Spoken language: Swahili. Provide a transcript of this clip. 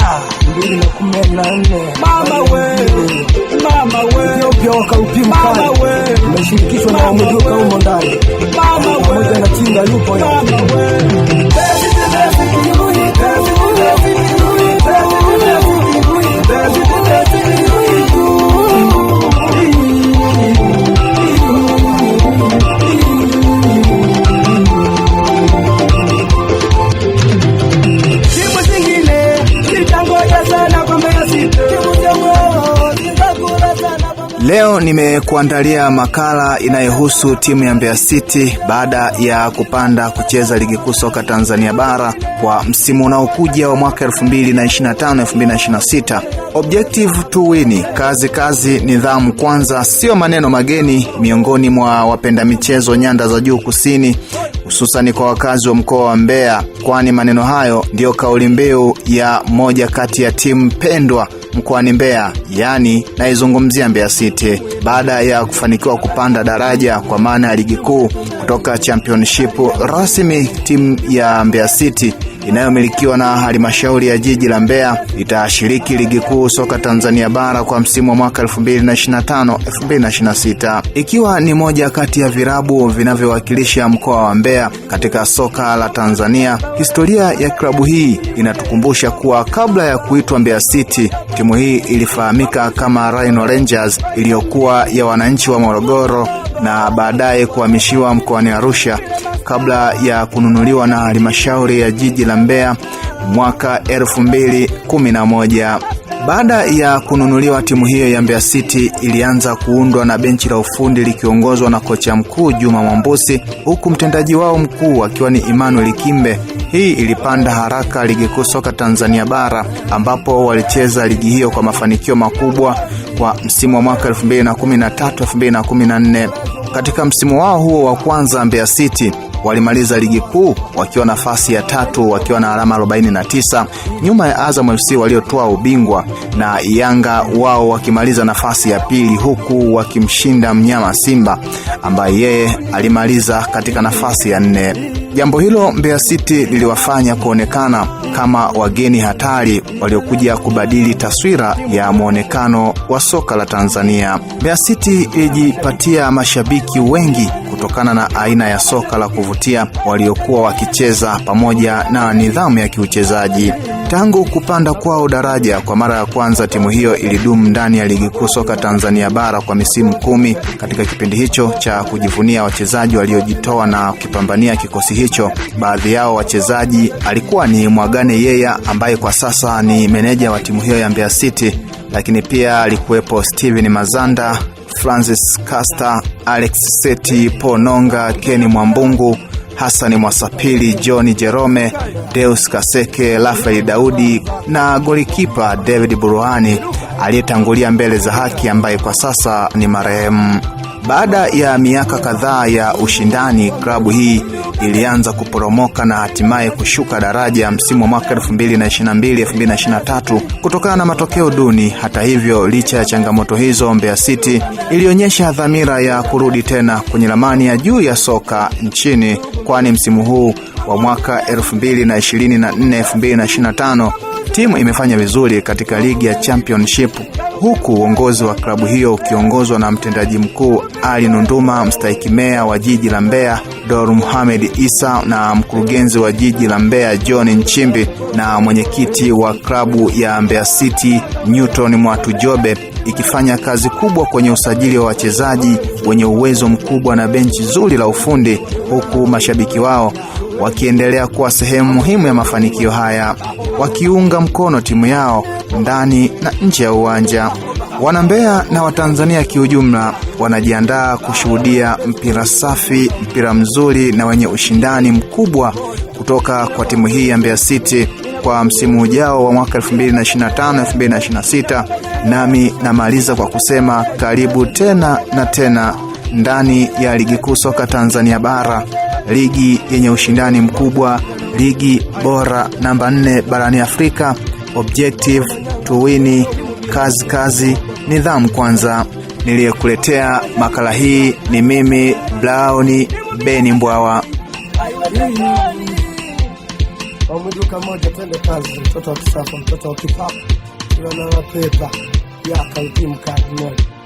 mwaka mbili na kumi na nne mama we mama we vyovyoka upimkali umeshirikishwa na wamejuka umo ndani pamoja na Leo nimekuandalia makala inayohusu timu ya Mbeya City baada ya kupanda kucheza ligi kuu soka Tanzania bara kwa msimu unaokuja wa mwaka 2025-2026. Objective to win, kazi kazi, nidhamu kwanza, sio maneno mageni miongoni mwa wapenda michezo nyanda za juu kusini, hususani kwa wakazi wa mkoa wa Mbeya, kwani maneno hayo ndiyo kauli mbiu ya moja kati ya timu pendwa mkoani Mbeya, yaani naizungumzia Mbeya City baada ya kufanikiwa kupanda daraja kwa maana ya ligi kuu kutoka championship rasmi. Timu ya Mbeya City inayomilikiwa na halmashauri ya jiji la Mbeya itashiriki ligi kuu soka Tanzania bara kwa msimu wa mwaka 2025 2026, ikiwa ni moja kati ya virabu vinavyowakilisha mkoa wa Mbeya katika soka la Tanzania. Historia ya klabu hii inatukumbusha kuwa kabla ya kuitwa Mbeya City, timu hii ilifahamika kama Rhino Rangers iliyokuwa ya wananchi wa Morogoro na baadaye kuhamishiwa mkoani Arusha kabla ya kununuliwa na halmashauri ya jiji la Mbeya mwaka 2011. Baada ya kununuliwa, timu hiyo ya Mbeya City ilianza kuundwa na benchi la ufundi likiongozwa na kocha mkuu Juma Mwambusi, huku mtendaji wao mkuu akiwa ni Emmanuel Kimbe. Hii ilipanda haraka ligi kuu soka Tanzania bara ambapo walicheza ligi hiyo kwa mafanikio makubwa kwa msimu wa mwaka 2013 2014. Katika msimu wao huo wa kwanza Mbeya City walimaliza ligi kuu wakiwa nafasi ya tatu wakiwa na alama 49 nyuma ya Azam FC waliotoa ubingwa na Yanga wao wakimaliza nafasi ya pili, huku wakimshinda mnyama Simba ambaye yeye alimaliza katika nafasi ya nne. Jambo hilo Mbeya City liliwafanya kuonekana kama wageni hatari waliokuja kubadili taswira ya mwonekano wa soka la Tanzania. Mbeya City ilijipatia mashabiki wengi kutokana na aina ya soka la kuvutia waliokuwa wakicheza pamoja na nidhamu ya kiuchezaji. Tangu kupanda kwao daraja kwa mara ya kwanza, timu hiyo ilidumu ndani ya ligi kuu soka Tanzania bara kwa misimu kumi. Katika kipindi hicho cha kujivunia wachezaji waliojitoa na kipambania kikosi hicho, baadhi yao wachezaji alikuwa ni Mwagane Yeya ambaye kwa sasa ni meneja wa timu hiyo ya Mbeya City, lakini pia alikuwepo Steven Mazanda Francis Caster, Alex Seti, nonga Keni Mwambungu, Hasani Mwasapili, John Jerome, Deus Kaseke, Rafael Daudi na golikipa David Buruhani aliyetangulia mbele za haki ambaye kwa sasa ni marehemu. Baada ya miaka kadhaa ya ushindani, klabu hii ilianza kuporomoka na hatimaye kushuka daraja msimu wa mwaka 2022 2023 kutokana na matokeo duni. Hata hivyo, licha ya changamoto hizo, Mbeya City ilionyesha dhamira ya kurudi tena kwenye ramani ya juu ya soka nchini, kwani msimu huu wa mwaka 2024 2025 timu imefanya vizuri katika ligi ya Championship huku uongozi wa klabu hiyo ukiongozwa na mtendaji mkuu Ali Nunduma, mstahiki meya wa jiji la Mbeya Dor Muhamed Isa na mkurugenzi wa jiji la Mbeya John Nchimbi na mwenyekiti wa klabu ya Mbeya City Newton Mwatujobe ikifanya kazi kubwa kwenye usajili wa wachezaji wenye uwezo mkubwa na benchi zuri la ufundi huku mashabiki wao wakiendelea kuwa sehemu muhimu ya mafanikio haya, wakiunga mkono timu yao ndani na nje ya uwanja. Wanambeya na Watanzania kiujumla wanajiandaa kushuhudia mpira safi, mpira mzuri na wenye ushindani mkubwa kutoka kwa timu hii ya Mbeya City kwa msimu ujao wa mwaka 2025 2026. Nami namaliza kwa kusema karibu tena na tena ndani ya ligi kuu soka Tanzania bara, ligi yenye ushindani mkubwa, ligi bora namba nne barani Afrika. Objective tuwini, kazi kazi, nidhamu kwanza. Niliyekuletea makala hii ni mimi Blauni Beni Mbwawa. Yeah,